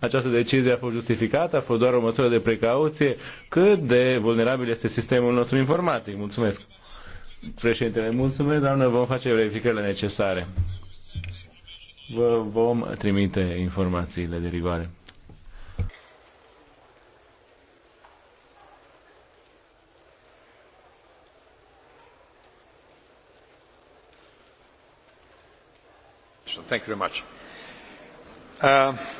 această decizie a fost justificată, a fost doar o măsură de precauție, cât de vulnerabil este sistemul nostru informatic. Mulțumesc. Președintele, mulțumesc, doamnă, vom face verificările necesare. Vă vom trimite informațiile de rigoare. thank you very much. Uh...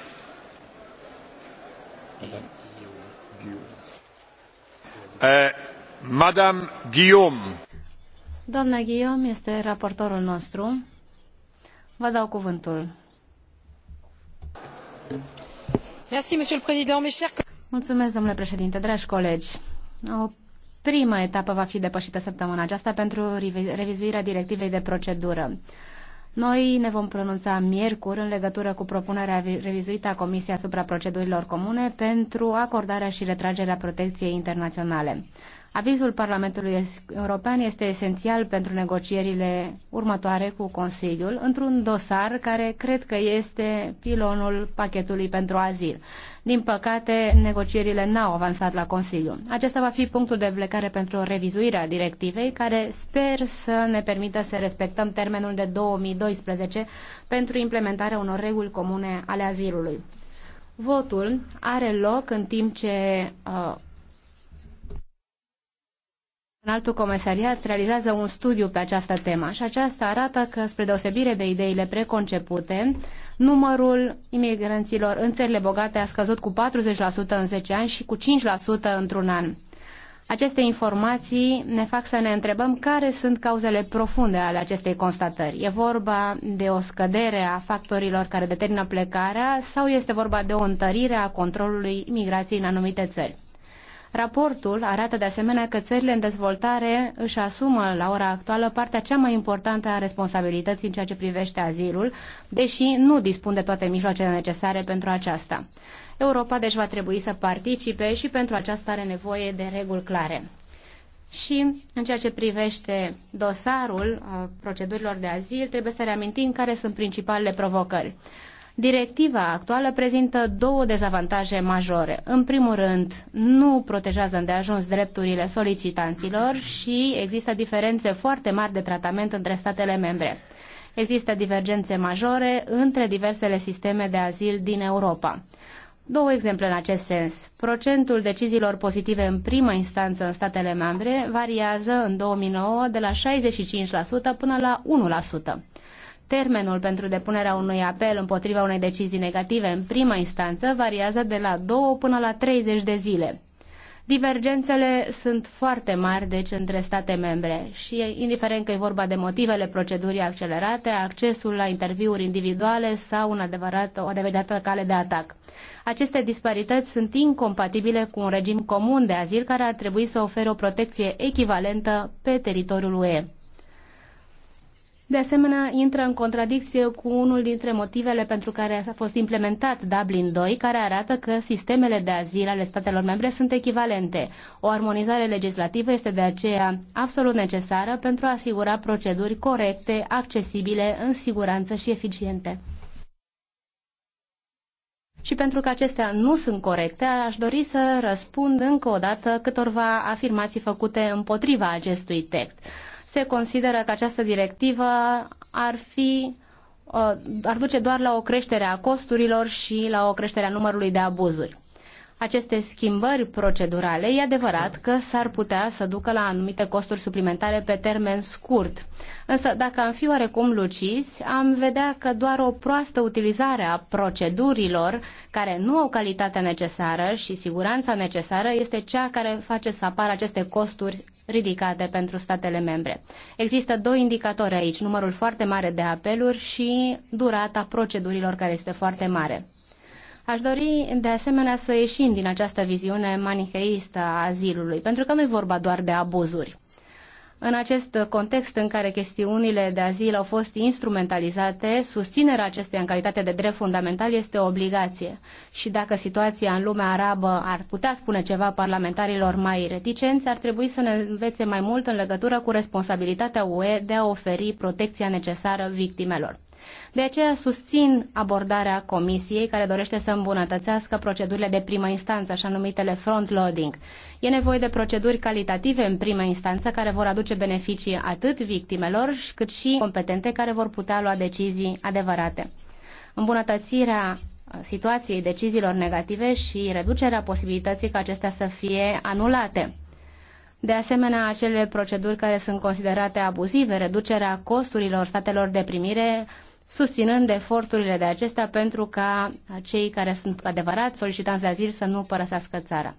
Eh, Doamnă Guillaume. Doamna Guillaume este raportorul nostru. Vă dau cuvântul. Mulțumesc, domnule președinte, dragi colegi. O prima etapă va fi depășită săptămâna aceasta pentru revizuirea directivei de procedură. Noi ne vom pronunța miercuri în legătură cu propunerea revizuită a Comisiei asupra procedurilor comune pentru acordarea și retragerea protecției internaționale. Avizul Parlamentului European este esențial pentru negocierile următoare cu Consiliul într-un dosar care cred că este pilonul pachetului pentru azil. Din păcate, negocierile n-au avansat la Consiliu. Acesta va fi punctul de plecare pentru revizuirea directivei, care sper să ne permită să respectăm termenul de 2012 pentru implementarea unor reguli comune ale azilului. Votul are loc în timp ce uh, Înaltul Comisariat realizează un studiu pe această temă și aceasta arată că, spre deosebire de ideile preconcepute, numărul imigranților în țările bogate a scăzut cu 40% în 10 ani și cu 5% într-un an. Aceste informații ne fac să ne întrebăm care sunt cauzele profunde ale acestei constatări. E vorba de o scădere a factorilor care determină plecarea sau este vorba de o întărire a controlului imigrației în anumite țări? Raportul arată de asemenea că țările în dezvoltare își asumă la ora actuală partea cea mai importantă a responsabilității în ceea ce privește azilul, deși nu dispun de toate mijloacele necesare pentru aceasta. Europa deci va trebui să participe și pentru aceasta are nevoie de reguli clare. Și în ceea ce privește dosarul uh, procedurilor de azil, trebuie să reamintim care sunt principalele provocări. Directiva actuală prezintă două dezavantaje majore. În primul rând, nu protejează îndeajuns drepturile solicitanților și există diferențe foarte mari de tratament între statele membre. Există divergențe majore între diversele sisteme de azil din Europa. Două exemple în acest sens. Procentul deciziilor pozitive în primă instanță în statele membre variază în 2009 de la 65% până la 1%. Termenul pentru depunerea unui apel împotriva unei decizii negative în prima instanță variază de la 2 până la 30 de zile. Divergențele sunt foarte mari, deci, între state membre și, indiferent că e vorba de motivele procedurii accelerate, accesul la interviuri individuale sau un adevărat, o adevărată cale de atac. Aceste disparități sunt incompatibile cu un regim comun de azil care ar trebui să ofere o protecție echivalentă pe teritoriul UE. De asemenea, intră în contradicție cu unul dintre motivele pentru care a fost implementat Dublin 2, care arată că sistemele de azil ale statelor membre sunt echivalente. O armonizare legislativă este de aceea absolut necesară pentru a asigura proceduri corecte, accesibile, în siguranță și eficiente. Și pentru că acestea nu sunt corecte, aș dori să răspund încă o dată câtorva afirmații făcute împotriva acestui text se consideră că această directivă ar fi uh, ar duce doar la o creștere a costurilor și la o creștere a numărului de abuzuri. Aceste schimbări procedurale, e adevărat că s-ar putea să ducă la anumite costuri suplimentare pe termen scurt. Însă, dacă am fi oarecum luciți, am vedea că doar o proastă utilizare a procedurilor care nu au calitatea necesară și siguranța necesară este cea care face să apară aceste costuri ridicate pentru statele membre. Există doi indicatori aici, numărul foarte mare de apeluri și durata procedurilor care este foarte mare. Aș dori de asemenea să ieșim din această viziune manicheistă a azilului, pentru că nu e vorba doar de abuzuri. În acest context în care chestiunile de azil au fost instrumentalizate, susținerea acesteia în calitate de drept fundamental este o obligație. Și dacă situația în lumea arabă ar putea spune ceva parlamentarilor mai reticenți, ar trebui să ne învețe mai mult în legătură cu responsabilitatea UE de a oferi protecția necesară victimelor. De aceea susțin abordarea comisiei care dorește să îmbunătățească procedurile de primă instanță, așa numitele front-loading. E nevoie de proceduri calitative în prima instanță care vor aduce beneficii atât victimelor cât și competente care vor putea lua decizii adevărate. Îmbunătățirea situației deciziilor negative și reducerea posibilității ca acestea să fie anulate. De asemenea, acele proceduri care sunt considerate abuzive, reducerea costurilor statelor de primire, susținând eforturile de acestea pentru ca cei care sunt adevărat solicitanți de azil să nu părăsească țara.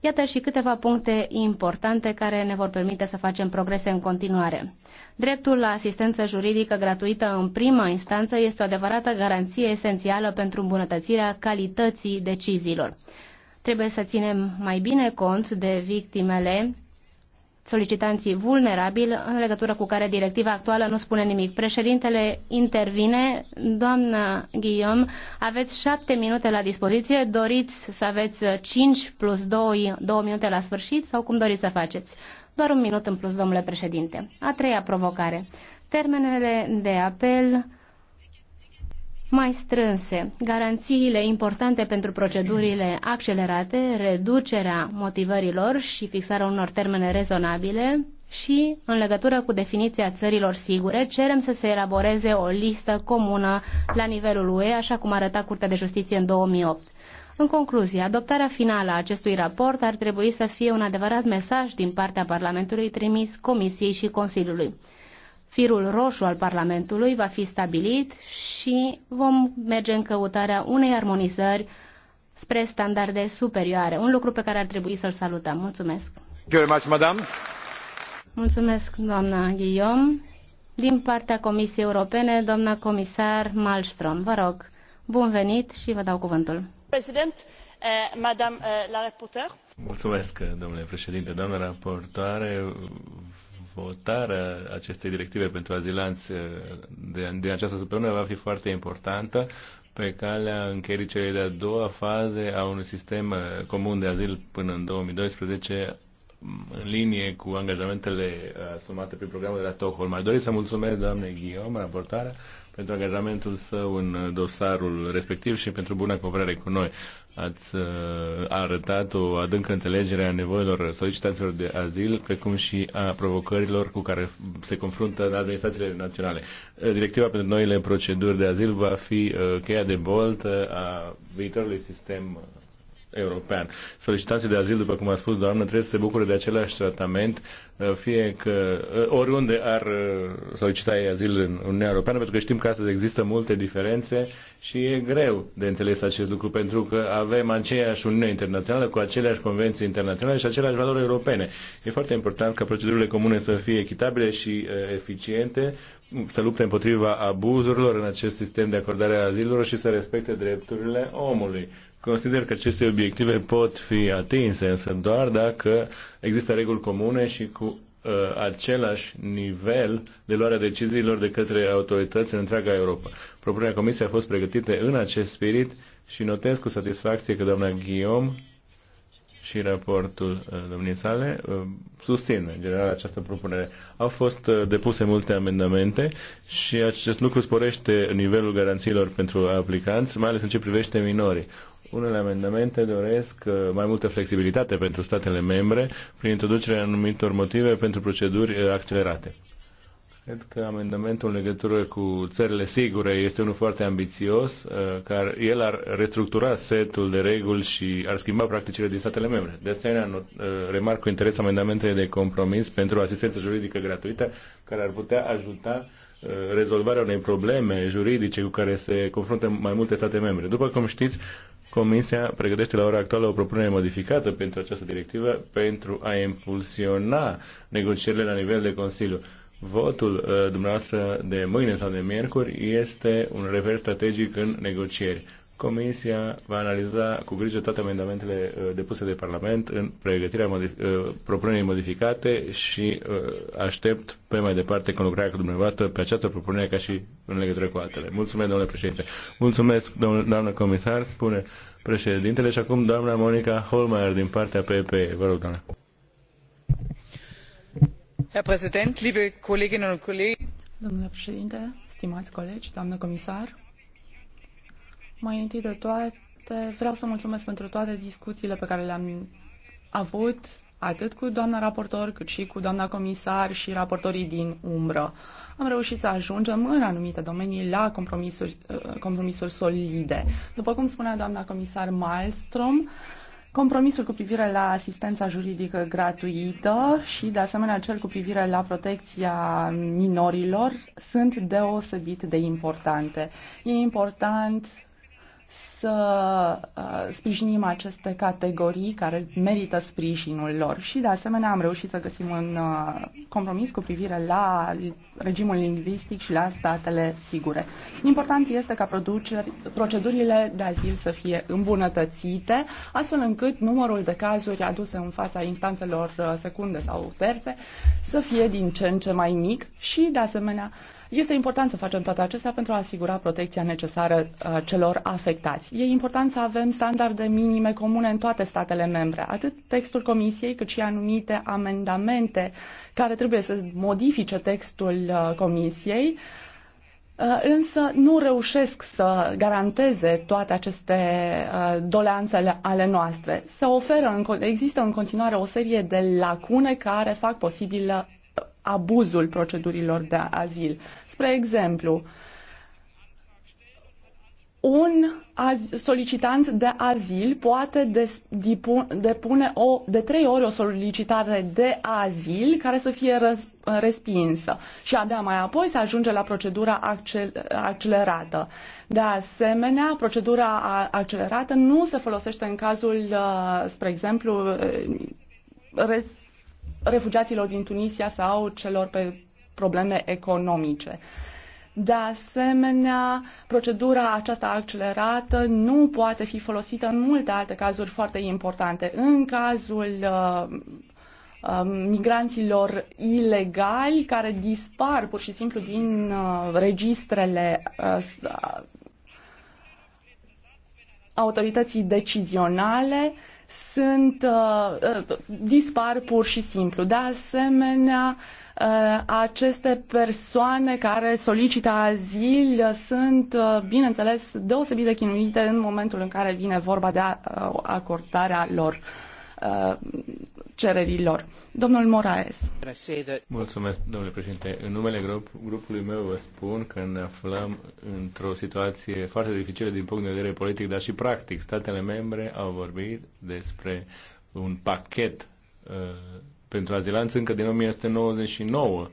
Iată și câteva puncte importante care ne vor permite să facem progrese în continuare. Dreptul la asistență juridică gratuită în prima instanță este o adevărată garanție esențială pentru îmbunătățirea calității deciziilor. Trebuie să ținem mai bine cont de victimele solicitanții vulnerabili, în legătură cu care directiva actuală nu spune nimic. Președintele intervine. Doamna Guillaume, aveți șapte minute la dispoziție. Doriți să aveți cinci plus doi, două minute la sfârșit sau cum doriți să faceți? Doar un minut în plus, domnule președinte. A treia provocare. Termenele de apel mai strânse, garanțiile importante pentru procedurile accelerate, reducerea motivărilor și fixarea unor termene rezonabile și, în legătură cu definiția țărilor sigure, cerem să se elaboreze o listă comună la nivelul UE, așa cum arăta Curtea de Justiție în 2008. În concluzie, adoptarea finală a acestui raport ar trebui să fie un adevărat mesaj din partea Parlamentului trimis Comisiei și Consiliului firul roșu al Parlamentului va fi stabilit și vom merge în căutarea unei armonizări spre standarde superioare, un lucru pe care ar trebui să-l salutăm. Mulțumesc! Mulțumesc, doamna Guillaume. Din partea Comisiei Europene, doamna comisar Malmström, vă rog, bun venit și vă dau cuvântul. President, eh, Madame eh, la Mulțumesc, domnule președinte. Doamna raportoare, votarea acestei directive pentru azilanți eh, de, din această săptămână va fi foarte importantă pe calea încheierii celei de-a doua faze a unui sistem eh, comun de azil până în 2012 în linie cu angajamentele eh, asumate prin programul de la Stockholm. Aș dori să mulțumesc doamnei Guillaume, raportarea, pentru angajamentul său în dosarul respectiv și pentru bună cooperare cu noi ați uh, arătat o adâncă înțelegere a nevoilor solicitanților de azil, precum și a provocărilor cu care se confruntă administrațiile naționale. Directiva pentru noile proceduri de azil va fi uh, cheia de bolt a viitorului sistem uh, european. Solicitații de azil, după cum a spus doamna, trebuie să se bucure de același tratament, uh, fie că uh, oriunde ar uh, solicita ei azil în Uniunea Europeană, pentru că știm că astăzi există multe diferențe și e greu de înțeles acest lucru, pentru că avem aceeași Uniune Internațională cu aceleași convenții internaționale și aceleași valori europene. E foarte important ca procedurile comune să fie echitabile și eficiente, să lupte împotriva abuzurilor în acest sistem de acordare a azilurilor și să respecte drepturile omului. Consider că aceste obiective pot fi atinse, însă doar dacă există reguli comune și cu uh, același nivel de luarea deciziilor de către autorități în întreaga Europa. Propunerea Comisiei a fost pregătită în acest spirit și notez cu satisfacție că doamna Guillaume și raportul uh, domnii sale uh, susțin în general această propunere. Au fost uh, depuse multe amendamente și acest lucru sporește nivelul garanțiilor pentru aplicanți, mai ales în ce privește minorii. Unele amendamente doresc uh, mai multă flexibilitate pentru statele membre prin introducerea anumitor motive pentru proceduri uh, accelerate. Cred că amendamentul în legătură cu țările sigure este unul foarte ambițios, uh, care el ar restructura setul de reguli și ar schimba practicile din statele membre. De asemenea, remarc cu interes amendamentele de compromis pentru asistență juridică gratuită, care ar putea ajuta rezolvarea unei probleme juridice cu care se confruntă mai multe state membre. După cum știți, Comisia pregătește la ora actuală o propunere modificată pentru această directivă pentru a impulsiona negocierile la nivel de Consiliu. Votul uh, dumneavoastră de mâine sau de miercuri este un reper strategic în negocieri. Comisia va analiza cu grijă toate amendamentele uh, depuse de Parlament în pregătirea modif- uh, propunerii modificate și uh, aștept pe mai departe lucrarea cu dumneavoastră pe această propunere ca și în legătură cu altele. Mulțumesc, domnule președinte. Mulțumesc, doamnă comisar, spune președintele și acum doamna Monica Holmeier din partea PP. Vă rog, doamna. Herr Präsident, liebe Kolleginnen und Kollegen. Domnule președinte, stimați colegi, doamnă comisar, mai întâi de toate, vreau să mulțumesc pentru toate discuțiile pe care le-am avut, atât cu doamna raportor, cât și cu doamna comisar și raportorii din umbră. Am reușit să ajungem în anumite domenii la compromisuri, uh, compromisuri solide. După cum spunea doamna comisar Malmström, compromisul cu privire la asistența juridică gratuită și, de asemenea, cel cu privire la protecția minorilor sunt deosebit de importante. E important să uh, sprijinim aceste categorii care merită sprijinul lor și de asemenea am reușit să găsim un uh, compromis cu privire la regimul lingvistic și la statele sigure. Important este ca procedurile de azil să fie îmbunătățite, astfel încât numărul de cazuri aduse în fața instanțelor uh, secunde sau terțe să fie din ce în ce mai mic și de asemenea este important să facem toate acestea pentru a asigura protecția necesară uh, celor afectați. E important să avem standarde minime comune în toate statele membre. Atât textul Comisiei, cât și anumite amendamente care trebuie să modifice textul uh, Comisiei uh, însă nu reușesc să garanteze toate aceste doleanțele ale noastre. Se oferă, în, există în continuare o serie de lacune care fac posibilă abuzul procedurilor de azil. Spre exemplu, un solicitant de azil poate depune o, de trei ori o solicitare de azil care să fie respinsă și abia mai apoi se ajunge la procedura accel, accelerată. De asemenea, procedura accelerată nu se folosește în cazul, uh, spre exemplu, uh, refugiaților din Tunisia sau celor pe probleme economice. De asemenea, procedura aceasta accelerată nu poate fi folosită în multe alte cazuri foarte importante. În cazul uh, uh, migranților ilegali care dispar pur și simplu din uh, registrele autorității decizionale, sunt uh, uh, dispar pur și simplu. De asemenea, uh, aceste persoane care solicită azil sunt, uh, bineînțeles, deosebit de chinuite în momentul în care vine vorba de a, uh, acordarea lor. Uh, Uh, cererilor. Domnul Moraes. Mulțumesc, domnule președinte. În numele grup, grupului meu vă spun că ne aflăm într-o situație foarte dificilă din punct de vedere politic, dar și practic. Statele membre au vorbit despre un pachet uh, pentru azilanți încă din 1999.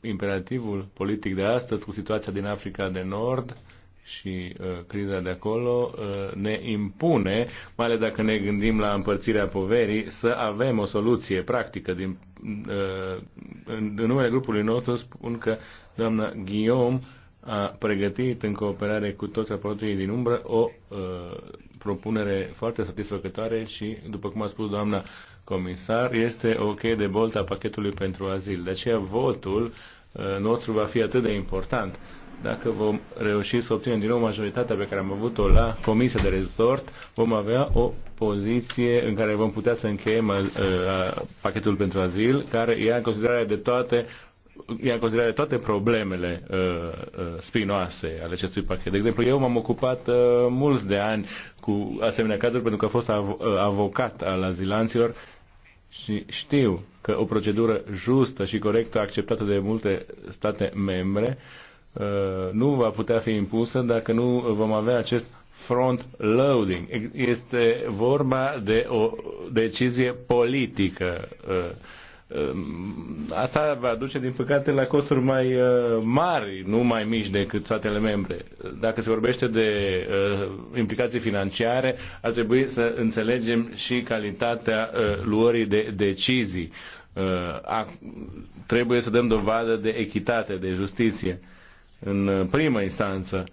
Imperativul politic de astăzi cu situația din Africa de Nord și uh, criza de acolo uh, ne impune, mai ales dacă ne gândim la împărțirea poverii, să avem o soluție practică. Din, uh, în, în numele grupului nostru spun că doamna Guillaume a pregătit în cooperare cu toți raportorii din umbră o uh, propunere foarte satisfăcătoare și, după cum a spus doamna comisar, este o cheie de bolta a pachetului pentru azil. De aceea votul uh, nostru va fi atât de important dacă vom reuși să obținem din nou majoritatea pe care am avut-o la Comisia de Resort, vom avea o poziție în care vom putea să încheiem a, uh, a, pachetul pentru azil, care ia în considerare de toate ia în considerare toate problemele uh, uh, spinoase ale acestui pachet. De exemplu, eu m-am ocupat uh, mulți de ani cu asemenea cazuri pentru că am fost av- uh, avocat al azilanților și știu că o procedură justă și corectă acceptată de multe state membre uh, Uh, nu va putea fi impusă dacă nu vom avea acest front loading. Este vorba de o decizie politică. Uh, um, asta va duce, din păcate, la costuri mai uh, mari, nu mai mici decât statele membre. Dacă se vorbește de implicații financiare, ar trebui să înțelegem și calitatea luării de decizii. Trebuie să dăm dovadă de echitate, de justiție în primă instanță.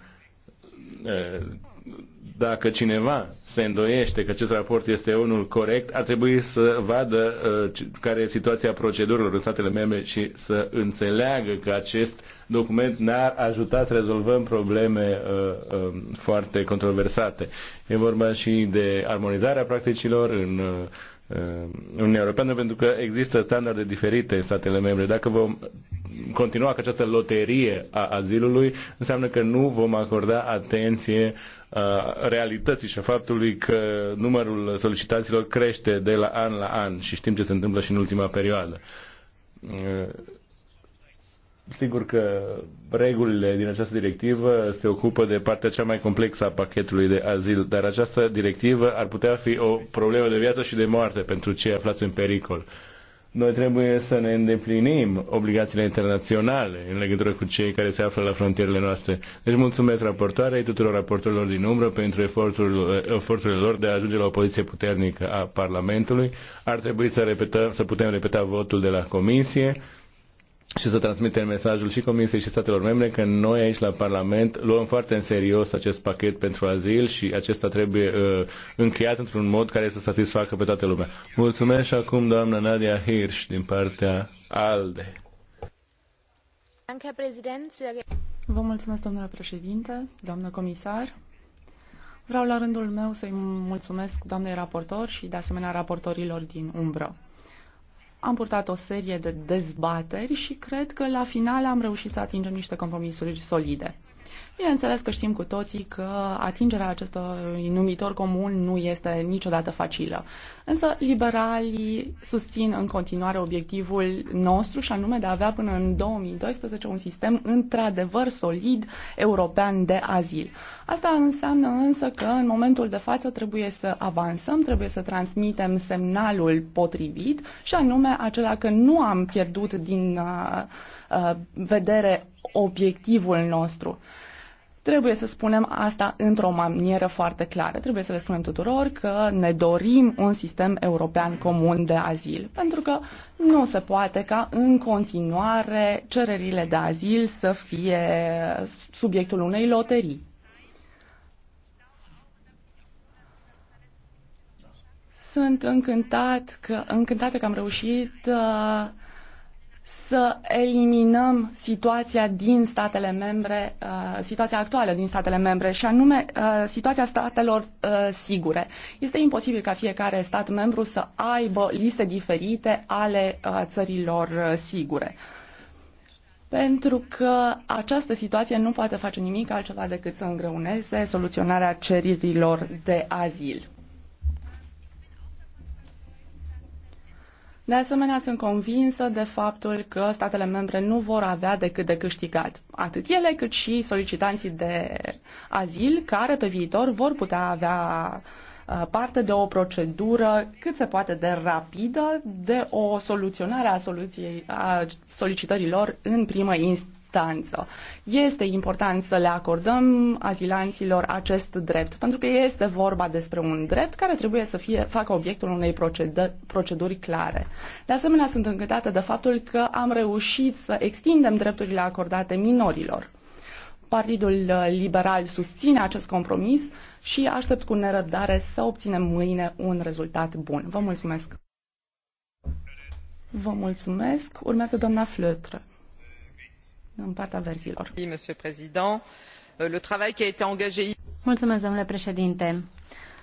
Dacă cineva se îndoiește că acest raport este unul corect, ar trebui să vadă care e situația procedurilor în statele membre și să înțeleagă că acest document ne-ar ajuta să rezolvăm probleme foarte controversate. E vorba și de armonizarea practicilor în Uh, Uniunea Europeană pentru că există standarde diferite în statele membre. Dacă vom continua cu această loterie a azilului, înseamnă că nu vom acorda atenție a uh, realității și a faptului că numărul solicitanților crește de la an la an și știm ce se întâmplă și în ultima perioadă uh, Sigur că regulile din această directivă se ocupă de partea cea mai complexă a pachetului de azil, dar această directivă ar putea fi o problemă de viață și de moarte pentru cei aflați în pericol. Noi trebuie să ne îndeplinim obligațiile internaționale în legătură cu cei care se află la frontierele noastre. Deci mulțumesc raportoarei tuturor raportorilor din umbră pentru efortul, eforturile lor de a ajunge la o poziție puternică a Parlamentului. Ar trebui să, repetăm, să putem repeta votul de la Comisie și să transmitem mesajul și Comisiei și statelor membre că noi aici la Parlament luăm foarte în serios acest pachet pentru azil și acesta trebuie uh, încheiat într-un mod care să satisfacă pe toată lumea. Mulțumesc și acum doamna Nadia Hirsch din partea ALDE. Vă mulțumesc, domnule președinte, doamnă comisar. Vreau la rândul meu să-i mulțumesc doamnei raportor și de asemenea raportorilor din umbră. Am purtat o serie de dezbateri și cred că la final am reușit să atingem niște compromisuri solide. Bineînțeles că știm cu toții că atingerea acestui numitor comun nu este niciodată facilă. Însă liberalii susțin în continuare obiectivul nostru și anume de a avea până în 2012 un sistem într-adevăr solid european de azil. Asta înseamnă însă că în momentul de față trebuie să avansăm, trebuie să transmitem semnalul potrivit și anume acela că nu am pierdut din uh, uh, vedere obiectivul nostru. Trebuie să spunem asta într-o manieră foarte clară. Trebuie să le spunem tuturor că ne dorim un sistem european comun de azil, pentru că nu se poate ca în continuare cererile de azil să fie subiectul unei loterii. Sunt încântat că, încântată că am reușit uh, să eliminăm situația din statele membre, uh, situația actuală din statele membre și anume uh, situația statelor uh, sigure. Este imposibil ca fiecare stat membru să aibă liste diferite ale țărilor sigure. Pentru că această situație nu poate face nimic altceva decât să îngreuneze soluționarea cererilor de azil. De asemenea, sunt convinsă de faptul că statele membre nu vor avea decât de câștigat, atât ele cât și solicitanții de azil, care pe viitor vor putea avea uh, parte de o procedură cât se poate de rapidă, de o soluționare a, soluției, a solicitărilor în primă instanță importanță. Este important să le acordăm azilanților acest drept, pentru că este vorba despre un drept care trebuie să fie, facă obiectul unei procedă, proceduri clare. De asemenea, sunt încântată de faptul că am reușit să extindem drepturile acordate minorilor. Partidul uh, Liberal susține acest compromis și aștept cu nerăbdare să obținem mâine un rezultat bun. Vă mulțumesc! Vă mulțumesc. Urmează doamna Flătră. Euh, domnule președinte.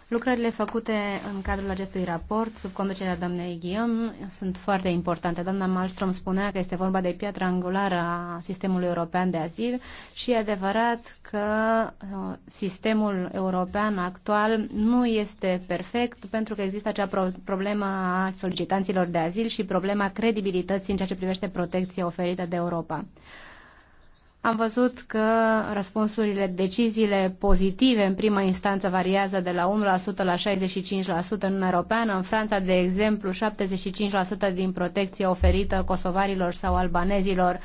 Lucrările făcute în cadrul acestui raport, sub conducerea doamnei guillaume sunt foarte importante. Doamna malmstrm spunea că este vorba de piatra angulară a sistemului european de azil și e adevărat că uh, sistemul european actual nu este perfect pentru că există acea problemă a solicitanților de azil și problema credibilității în ceea ce privește protecția oferită de Europa. Am văzut că răspunsurile, deciziile pozitive în prima instanță variază de la 1% la 65% în Europeană. În Franța, de exemplu, 75% din protecție oferită kosovarilor sau albanezilor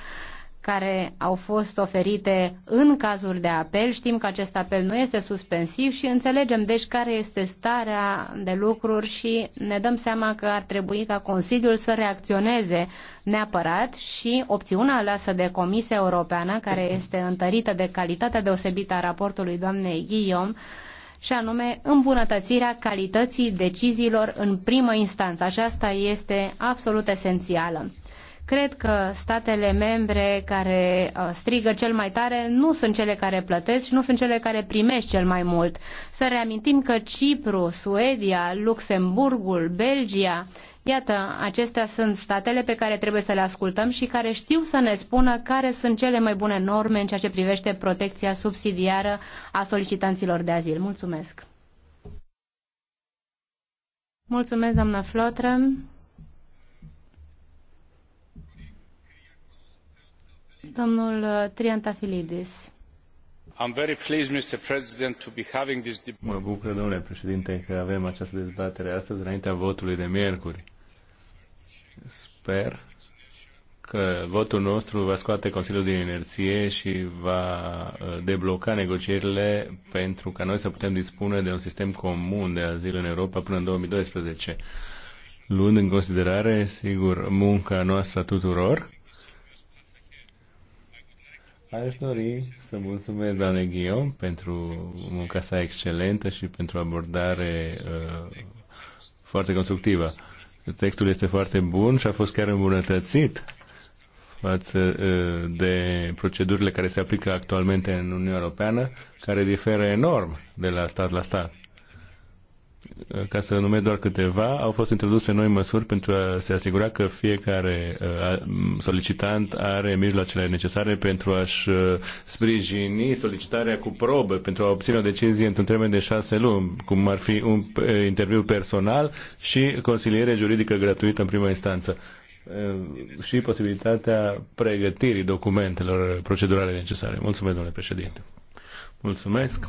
care au fost oferite în cazuri de apel. Știm că acest apel nu este suspensiv și înțelegem deci care este starea de lucruri și ne dăm seama că ar trebui ca Consiliul să reacționeze neapărat și opțiunea aleasă de Comisia Europeană, care este întărită de calitatea deosebită a raportului doamnei Guillaume, și anume îmbunătățirea calității deciziilor în primă instanță. Aceasta este absolut esențială. Cred că statele membre care uh, strigă cel mai tare nu sunt cele care plătesc și nu sunt cele care primesc cel mai mult. Să reamintim că Cipru, Suedia, Luxemburgul, Belgia, Iată, acestea sunt statele pe care trebuie să le ascultăm și care știu să ne spună care sunt cele mai bune norme în ceea ce privește protecția subsidiară a solicitanților de azil. Mulțumesc! Mulțumesc, doamna Flotră. Domnul uh, Mă bucur, domnule președinte, că avem această dezbatere astăzi, înaintea votului de miercuri. Sper că votul nostru va scoate Consiliul din inerție și va uh, debloca negocierile pentru ca noi să putem dispune de un sistem comun de azil în Europa până în 2012, luând în considerare, sigur, munca noastră tuturor Aș dori să mulțumesc doamne Ghion pentru munca sa excelentă și pentru abordare uh, foarte constructivă. Textul este foarte bun și a fost chiar îmbunătățit față uh, de procedurile care se aplică actualmente în Uniunea Europeană, care diferă enorm de la stat la stat ca să numesc doar câteva, au fost introduse noi măsuri pentru a se asigura că fiecare uh, solicitant are mijloacele necesare pentru a-și uh, sprijini solicitarea cu probă, pentru a obține o decizie într-un termen de șase luni, cum ar fi un uh, interviu personal și consiliere juridică gratuită în prima instanță și posibilitatea pregătirii documentelor procedurale necesare. Mulțumesc, domnule președinte. Mulțumesc.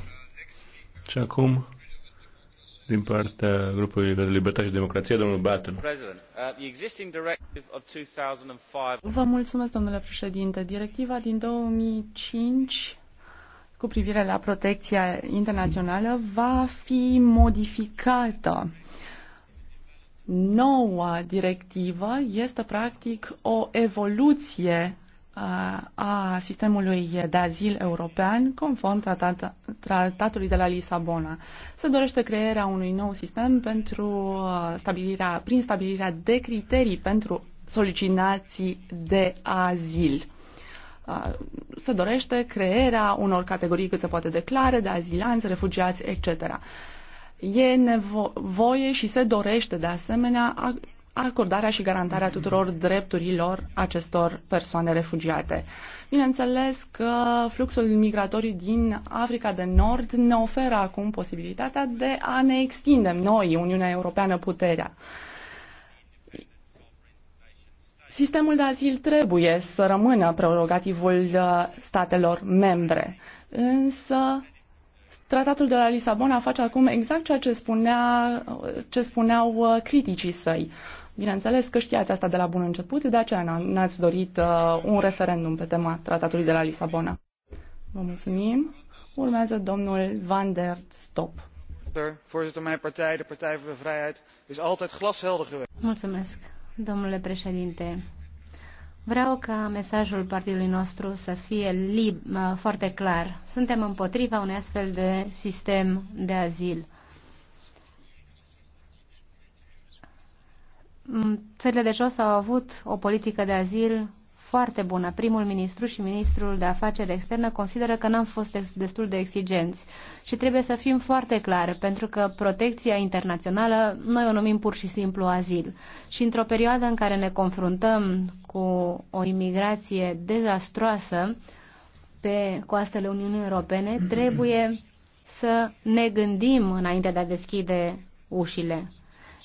Și acum din partea grupului de libertate și democrație, domnul Batten. Uh, Vă mulțumesc, domnule președinte. Directiva din 2005 cu privire la protecția internațională va fi modificată. Noua directivă este practic o evoluție a sistemului de azil european conform tratatului de la Lisabona. Se dorește crearea unui nou sistem pentru uh, stabilirea, prin stabilirea de criterii pentru solicinații de azil. Uh, se dorește crearea unor categorii cât se poate declare de azilanți, refugiați, etc. E nevoie și se dorește de asemenea acordarea și garantarea tuturor drepturilor acestor persoane refugiate. Bineînțeles că fluxul migratorii din Africa de Nord ne oferă acum posibilitatea de a ne extindem noi, Uniunea Europeană, puterea. Sistemul de azil trebuie să rămână prerogativul uh, statelor membre, însă Tratatul de la Lisabona face acum exact ceea ce, spunea, uh, ce spuneau uh, criticii săi. Bineînțeles că știați asta de la bun început, de aceea n-ați dorit uh, un referendum pe tema tratatului de la Lisabona. Vă mulțumim. Urmează domnul Van der Stop. Mulțumesc, domnule președinte. Vreau ca mesajul partidului nostru să fie lib, uh, foarte clar. Suntem împotriva unui astfel de sistem de azil. țările de jos au avut o politică de azil foarte bună. Primul ministru și ministrul de afaceri externe consideră că n-am fost destul de exigenți și trebuie să fim foarte clare, pentru că protecția internațională noi o numim pur și simplu azil. Și într-o perioadă în care ne confruntăm cu o imigrație dezastroasă pe coastele Uniunii Europene, trebuie să ne gândim înainte de a deschide ușile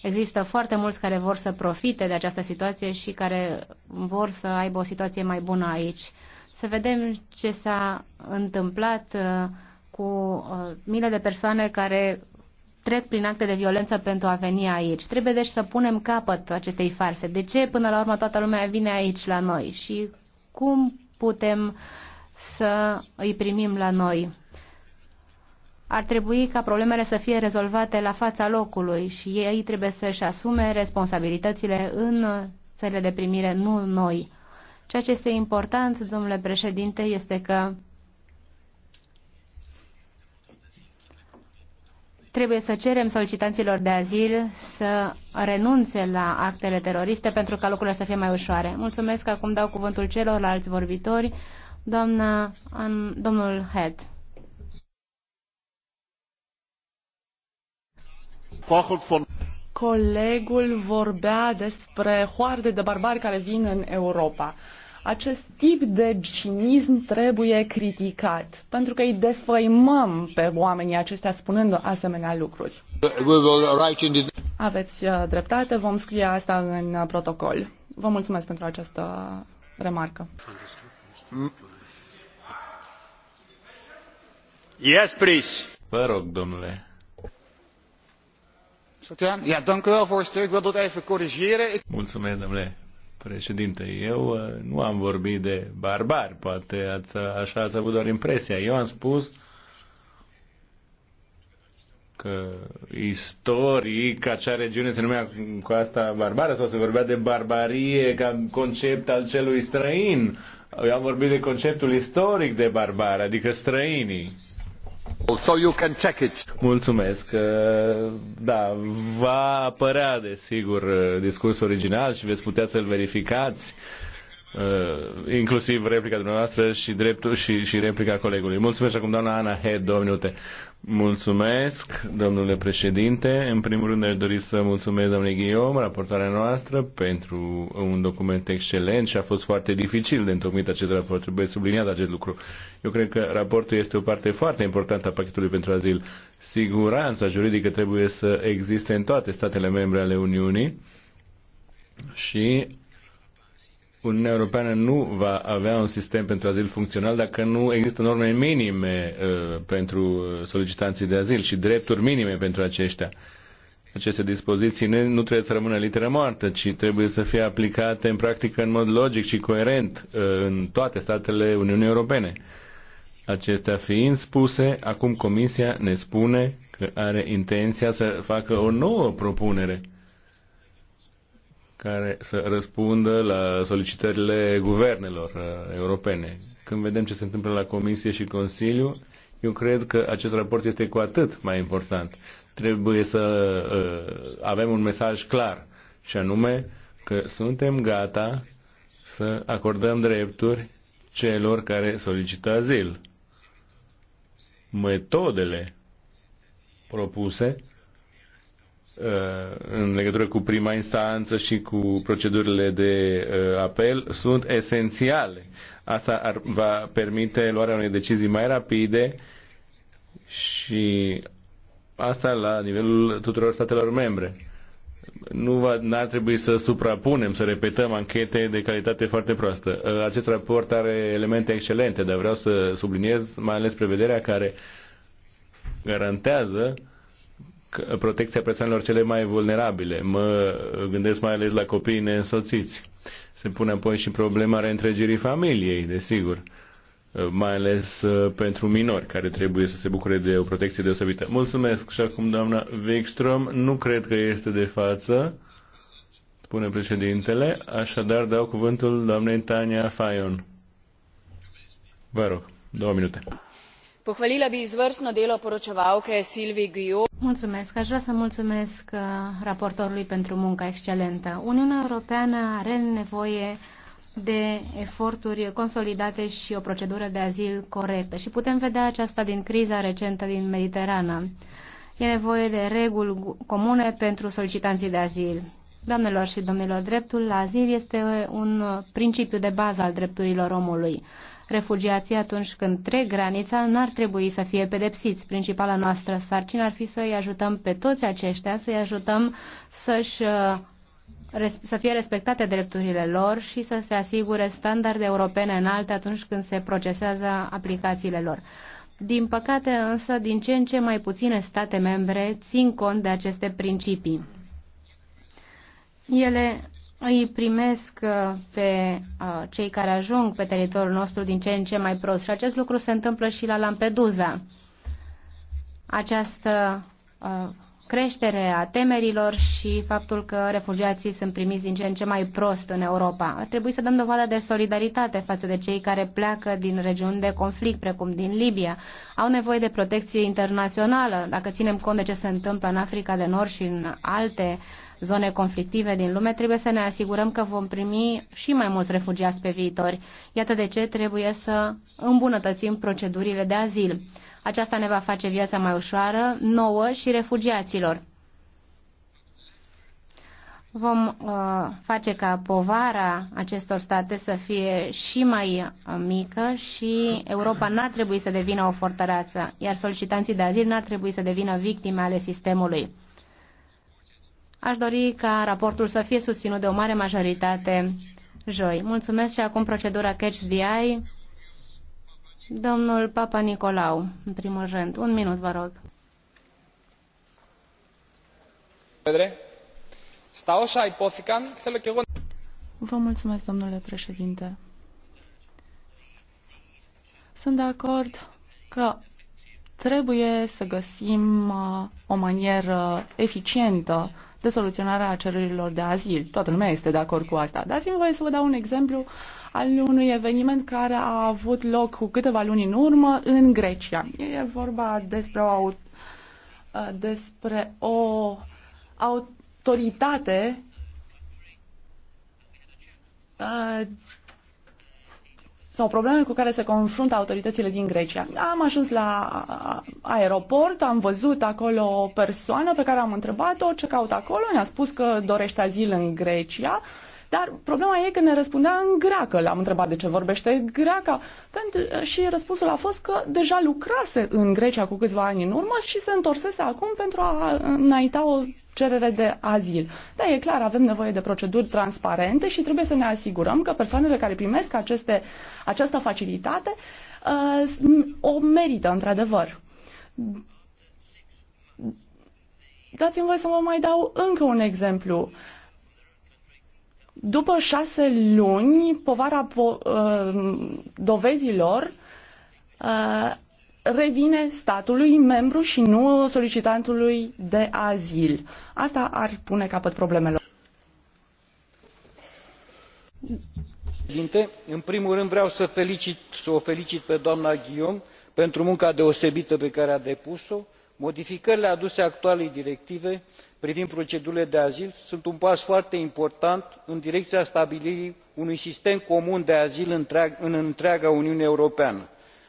Există foarte mulți care vor să profite de această situație și care vor să aibă o situație mai bună aici. Să vedem ce s-a întâmplat uh, cu uh, mile de persoane care trec prin acte de violență pentru a veni aici. Trebuie deci să punem capăt acestei farse. De ce până la urmă toată lumea vine aici la noi și cum putem să îi primim la noi? ar trebui ca problemele să fie rezolvate la fața locului și ei trebuie să-și asume responsabilitățile în țările de primire, nu noi. Ceea ce este important, domnule președinte, este că trebuie să cerem solicitanților de azil să renunțe la actele teroriste pentru ca lucrurile să fie mai ușoare. Mulțumesc, acum dau cuvântul celorlalți vorbitori, doamna, domnul Head. Colegul vorbea despre hoarde de barbari care vin în Europa. Acest tip de cinism trebuie criticat, pentru că îi defăimăm pe oamenii acestea spunând asemenea lucruri. Aveți uh, dreptate, vom scrie asta în uh, protocol. Vă mulțumesc pentru această remarcă. Yes, please. Vă rog, domnule voorzitter. Ik wil dat even corrigeren. Mulțumesc, domnule președinte. Eu uh, nu am vorbit de barbari. Poate ați, așa ați avut doar impresia. Eu am spus că istoric acea regiune se numea cu asta barbară sau se vorbea de barbarie ca concept al celui străin. Eu am vorbit de conceptul istoric de barbar, adică străinii. So you can check it. Mulțumesc. Uh, da, va apărea, desigur, uh, discursul original și veți putea să-l verificați uh, inclusiv replica dumneavoastră și dreptul și, și replica colegului. Mulțumesc acum doamna Ana Head, două minute. Mulțumesc, domnule președinte. În primul rând, aș dori să mulțumesc domnului Ghiom, raportarea noastră, pentru un document excelent și a fost foarte dificil de întocmit acest raport. Trebuie subliniat acest lucru. Eu cred că raportul este o parte foarte importantă a pachetului pentru azil. Siguranța juridică trebuie să existe în toate statele membre ale Uniunii și Uniunea Europeană nu va avea un sistem pentru azil funcțional dacă nu există norme minime uh, pentru solicitanții de azil și drepturi minime pentru aceștia. Aceste dispoziții nu trebuie să rămână literă moartă, ci trebuie să fie aplicate în practică în mod logic și coerent uh, în toate statele Uniunii Europene. Acestea fiind spuse, acum Comisia ne spune că are intenția să facă o nouă propunere care să răspundă la solicitările guvernelor uh, europene. Când vedem ce se întâmplă la Comisie și Consiliu, eu cred că acest raport este cu atât mai important. Trebuie să uh, avem un mesaj clar, și anume că suntem gata să acordăm drepturi celor care solicită azil. Metodele propuse Uh, în legătură cu prima instanță și cu procedurile de uh, apel sunt esențiale. Asta ar, va permite luarea unei decizii mai rapide și asta la nivelul tuturor statelor membre. Nu va, n-ar trebui să suprapunem, să repetăm anchete de calitate foarte proastă. Uh, acest raport are elemente excelente, dar vreau să subliniez mai ales prevederea care garantează uh, protecția persoanelor cele mai vulnerabile. Mă gândesc mai ales la copiii neînsoțiți. Se pune apoi și problema reîntregirii familiei, desigur mai ales uh, pentru minori care trebuie să se bucure de o protecție deosebită. Mulțumesc și acum doamna Wikström, nu cred că este de față, spune președintele, așadar dau cuvântul doamnei Tania Fajon. Vă rog, două minute. Pohvalila bi izvrstno delo poročevalke Silvi Guillaume. Mulțumesc. Aș vrea să mulțumesc uh, raportorului pentru munca excelentă. Uniunea Europeană are nevoie de eforturi consolidate și o procedură de azil corectă. Și putem vedea aceasta din criza recentă din Mediterană. E nevoie de reguli comune pentru solicitanții de azil. Doamnelor și domnilor, dreptul la azil este un principiu de bază al drepturilor omului. Refugiații, atunci când trec granița, n-ar trebui să fie pedepsiți. Principala noastră sarcină ar fi să-i ajutăm pe toți aceștia, să-i ajutăm să-și uh, să fie respectate drepturile lor și să se asigure standarde europene înalte atunci când se procesează aplicațiile lor. Din păcate însă, din ce în ce mai puține state membre țin cont de aceste principii. Ele îi primesc uh, pe uh, cei care ajung pe teritoriul nostru din ce în ce mai prost și acest lucru se întâmplă și la Lampedusa. Această uh, creștere a temerilor și faptul că refugiații sunt primiți din ce în ce mai prost în Europa. Ar trebui să dăm dovadă de solidaritate față de cei care pleacă din regiuni de conflict, precum din Libia. Au nevoie de protecție internațională. Dacă ținem cont de ce se întâmplă în Africa de Nord și în alte uh, zone conflictive din lume, trebuie să ne asigurăm că vom primi și mai mulți refugiați pe viitor. Iată de ce trebuie să îmbunătățim procedurile de azil. Aceasta ne va face viața mai ușoară, nouă și refugiaților vom uh, face ca povara acestor state să fie și mai uh, mică și Europa n-ar trebui să devină o fortăreață, iar solicitanții de azil n-ar trebui să devină victime ale sistemului. Aș dori ca raportul să fie susținut de o mare majoritate joi. Mulțumesc și acum procedura Catch the Eye. Domnul Papa Nicolau, în primul rând. Un minut, vă rog. Vă mulțumesc, domnule președinte. Sunt de acord că trebuie să găsim uh, o manieră eficientă de soluționarea cererilor de azil. Toată lumea este de acord cu asta. Dați-mi voie să vă dau un exemplu al unui eveniment care a avut loc cu câteva luni în urmă în Grecia. E vorba despre o, despre o autoritate sau probleme cu care se confruntă autoritățile din Grecia. Am ajuns la aeroport, am văzut acolo o persoană pe care am întrebat-o ce caută acolo, ne-a spus că dorește azil în Grecia dar problema e că ne răspundea în greacă. L-am întrebat de ce vorbește greaca pentru, și răspunsul a fost că deja lucrase în Grecia cu câțiva ani în urmă și se întorsese acum pentru a înainta o cerere de azil. Da, e clar, avem nevoie de proceduri transparente și trebuie să ne asigurăm că persoanele care primesc aceste, această facilitate uh, o merită într-adevăr. Dați-mi voie să vă mai dau încă un exemplu. După șase luni, povara po- uh, dovezilor uh, revine statului membru și nu solicitantului de azil. Asta ar pune capăt problemelor. în primul rând vreau să, felicit, să o felicit pe doamna Ghion pentru munca deosebită pe care a depus o modificările aduse actualei directive privind procedurile de azil sunt un pas foarte important în direcia stabilirii unui sistem comun de azil în întreaga uniune europeană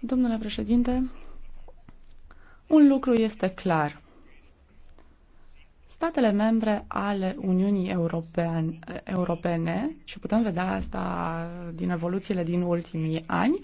Domnule președinte, un lucru este clar. Statele membre ale Uniunii European, Europene, și putem vedea asta din evoluțiile din ultimii ani,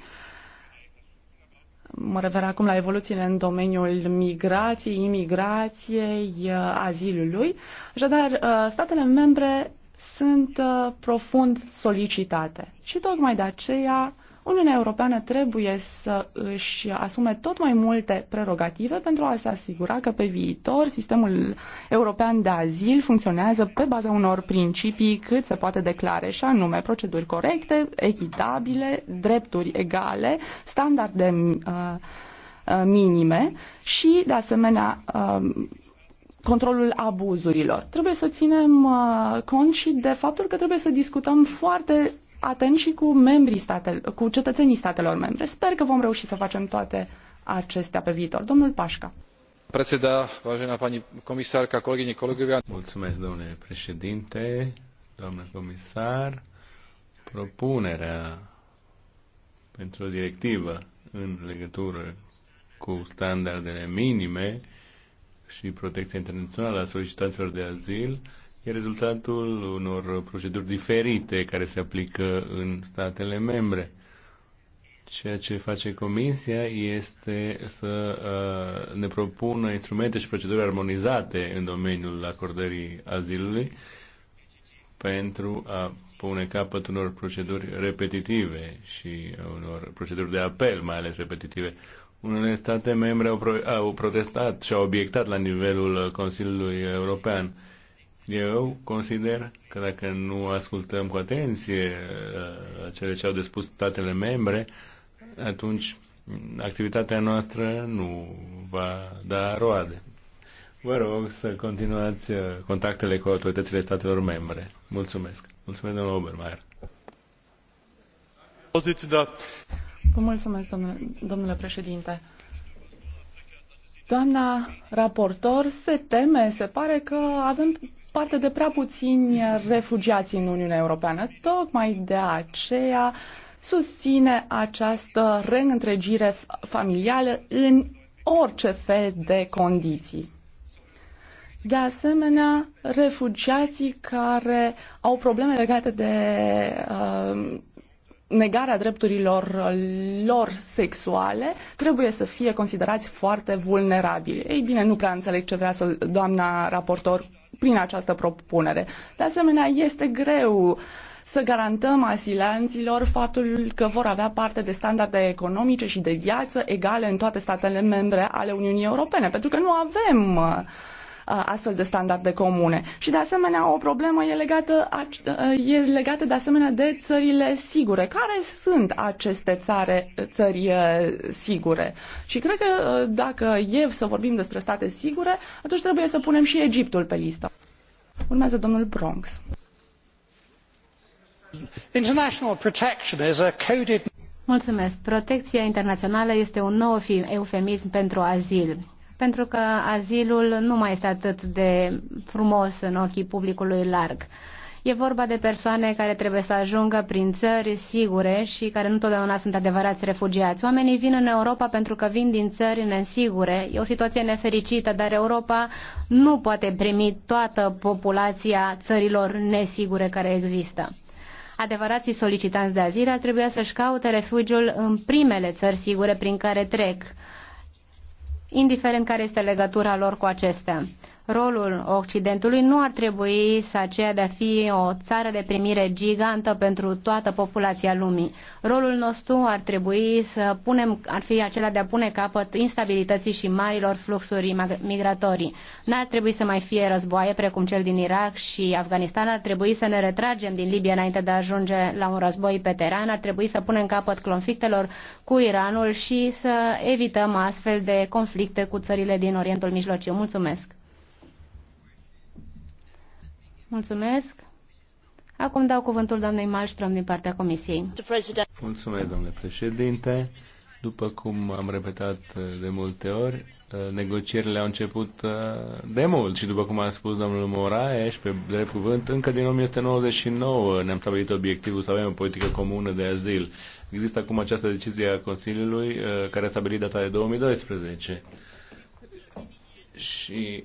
mă refer acum la evoluțiile în domeniul migrației, imigrației, azilului, așadar uh, statele membre sunt uh, profund solicitate și tocmai de aceea Uniunea Europeană trebuie să își asume tot mai multe prerogative pentru a se asigura că pe viitor sistemul european de azil funcționează pe baza unor principii cât se poate declare, și anume proceduri corecte, echitabile, drepturi egale, standarde uh, uh, minime și, de asemenea, uh, controlul abuzurilor. Trebuie să ținem uh, cont și de faptul că trebuie să discutăm foarte atent și cu, membrii statel, cu cetățenii statelor membre. Sper că vom reuși să facem toate acestea pe viitor. Domnul Pașca. Preseda, vážená pani komisárka, kolegyne, kolegovia. Mulțumesc, domnule președinte, domnule comisar. Propunerea pentru o directivă în legătură cu standardele minime și protecția internațională a solicitanților de azil e rezultatul unor proceduri diferite care se aplică în statele membre. Ceea ce face Comisia este să uh, ne propună instrumente și proceduri armonizate în domeniul acordării azilului pentru a pune capăt unor proceduri repetitive și unor proceduri de apel, mai ales repetitive. Unele state membre au, pro- au protestat și au obiectat la nivelul Consiliului European. Uh, eu consider că dacă nu ascultăm cu atenție uh, cele ce au de spus statele membre, atunci activitatea noastră nu va da roade. Vă rog să continuați uh, contactele cu autoritățile statelor membre. Mulțumesc. Mulțumesc, domnul Obermeier. Vă mulțumesc, domnule, domnule președinte. Doamna raportor se teme, se pare că avem parte de prea puțini refugiați în Uniunea Europeană. Tocmai de aceea susține această reîntregire familială în orice fel de condiții. De asemenea, refugiații care au probleme legate de uh, negarea drepturilor lor sexuale, trebuie să fie considerați foarte vulnerabili. Ei bine, nu prea înțeleg ce vrea să doamna raportor prin această propunere. De asemenea, este greu să garantăm asilanților faptul că vor avea parte de standarde economice și de viață egale în toate statele membre ale Uniunii Europene, pentru că nu avem uh, Uh, astfel de standarde comune. Și de asemenea, o problemă e legată, uh, e legată de asemenea de țările sigure. Care sunt aceste țare, țări uh, sigure? Și cred că dacă e să vorbim despre state sigure, atunci trebuie să punem și Egiptul pe listă. Urmează domnul Bronx. International protection is a coded Mulțumesc. Protecția internațională este un nou eufemism pentru azil pentru că azilul nu mai este atât de frumos în ochii publicului larg. E vorba de persoane care trebuie să ajungă prin țări sigure și care nu totdeauna sunt adevărați refugiați. Oamenii vin în Europa pentru că vin din țări nesigure. E o situație nefericită, dar Europa nu poate primi toată populația țărilor nesigure care există. Adevărații solicitanți de azil ar trebui să-și caute refugiul în primele țări sigure prin care trec indiferent care este legătura lor cu acestea rolul Occidentului nu ar trebui să aceea de a fi o țară de primire gigantă pentru toată populația lumii. Rolul nostru ar trebui să punem, ar fi acela de a pune capăt instabilității și marilor fluxuri migratorii. N-ar trebui să mai fie războaie precum cel din Irak și Afganistan, ar trebui să ne retragem din Libia înainte de a ajunge la un război pe teren, ar trebui să punem capăt conflictelor cu Iranul și să evităm astfel de conflicte cu țările din Orientul Mijlociu. Mulțumesc! Mulțumesc. Acum dau cuvântul doamnei Malmström din partea Comisiei. Mulțumesc, domnule președinte. După cum am repetat uh, de multe ori, uh, negocierile au început uh, de mult și după cum a spus domnul Moraes, pe drept cuvânt, încă din 1999 ne-am stabilit obiectivul să avem o politică comună de azil. Există acum această decizie a Consiliului care a stabilit data de 2012. Și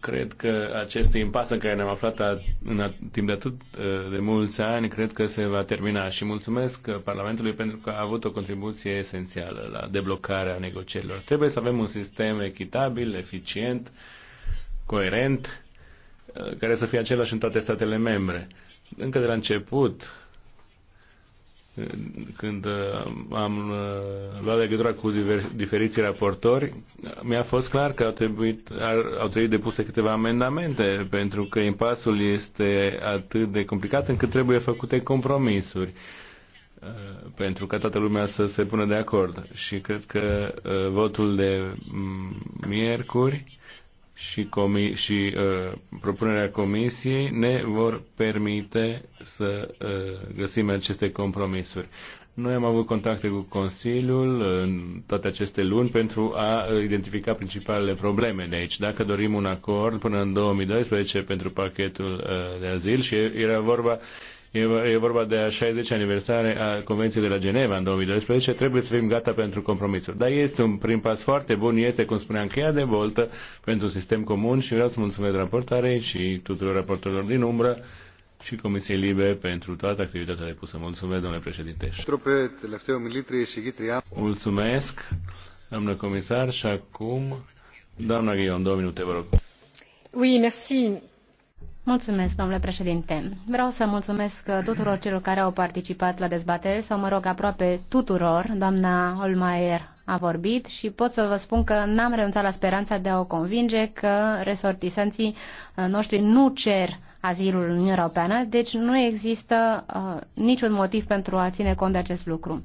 cred că acest impas în care ne-am aflat a, în timp de atât uh, de mulți ani, cred că se va termina și mulțumesc uh, Parlamentului pentru că a avut o contribuție esențială la deblocarea negocierilor. Trebuie să avem un sistem echitabil, eficient, coerent, uh, care să fie același în toate statele membre. Încă de la început, când uh, am uh, luat legătura cu diferiții raportori, mi-a fost clar că au trebuit, au trebuit depuse câteva amendamente, pentru că impasul este atât de complicat încât trebuie făcute compromisuri uh, pentru ca toată lumea să se pună de acord. Și cred că votul de mm, miercuri și, comi- și uh, propunerea comisiei ne vor permite să uh, găsim aceste compromisuri. Noi am avut contacte cu Consiliul uh, în toate aceste luni pentru a uh, identifica principalele probleme de aici. Dacă dorim un acord până în 2012 pentru pachetul uh, de azil și era vorba E vorba de a 60 aniversare a Convenției de la Geneva în 2012. Trebuie să fim gata pentru compromisuri. Dar este un prim pas foarte bun. Este, cum spuneam, cheia de voltă pentru un sistem comun și vreau să mulțumesc raportarei și tuturor raportorilor din umbră și Comisiei Libe pentru toată activitatea depusă. Mulțumesc, domnule președinte. Mulțumesc, doamnă comisar, și acum, doamna Ghion, două minute, vă rog. Oui, merci. Mulțumesc, domnule președinte. Vreau să mulțumesc uh, tuturor celor care au participat la dezbatere, sau mă rog, aproape tuturor. Doamna Holmeier a vorbit și pot să vă spun că n-am renunțat la speranța de a o convinge că resortisanții uh, noștri nu cer azilul în Uniunea Europeană, deci nu există uh, niciun motiv pentru a ține cont de acest lucru.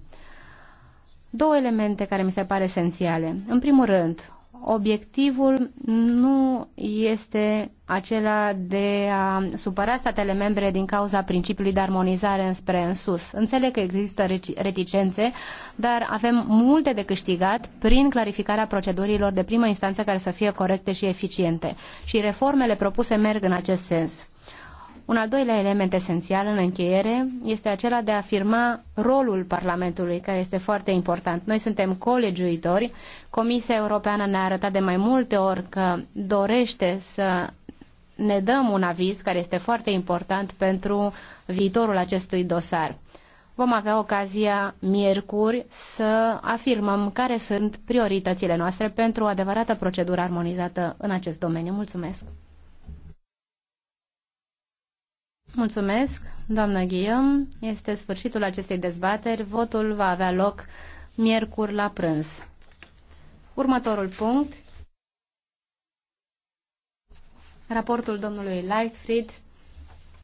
Două elemente care mi se pare esențiale. În primul rând, obiectivul nu este acela de a supăra statele membre din cauza principiului de armonizare înspre în sus. Înțeleg că există reticențe, dar avem multe de câștigat prin clarificarea procedurilor de primă instanță care să fie corecte și eficiente. Și reformele propuse merg în acest sens. Un al doilea element esențial în încheiere este acela de a afirma rolul Parlamentului, care este foarte important. Noi suntem colegiuitori. Comisia Europeană ne-a arătat de mai multe ori că dorește să ne dăm un aviz care este foarte important pentru viitorul acestui dosar. Vom avea ocazia miercuri să afirmăm care sunt prioritățile noastre pentru o adevărată procedură armonizată în acest domeniu. Mulțumesc! Mulțumesc, doamnă Ghiem. Este sfârșitul acestei dezbateri. Votul va avea loc miercuri la prânz. Următorul punct. Raportul domnului Lightfried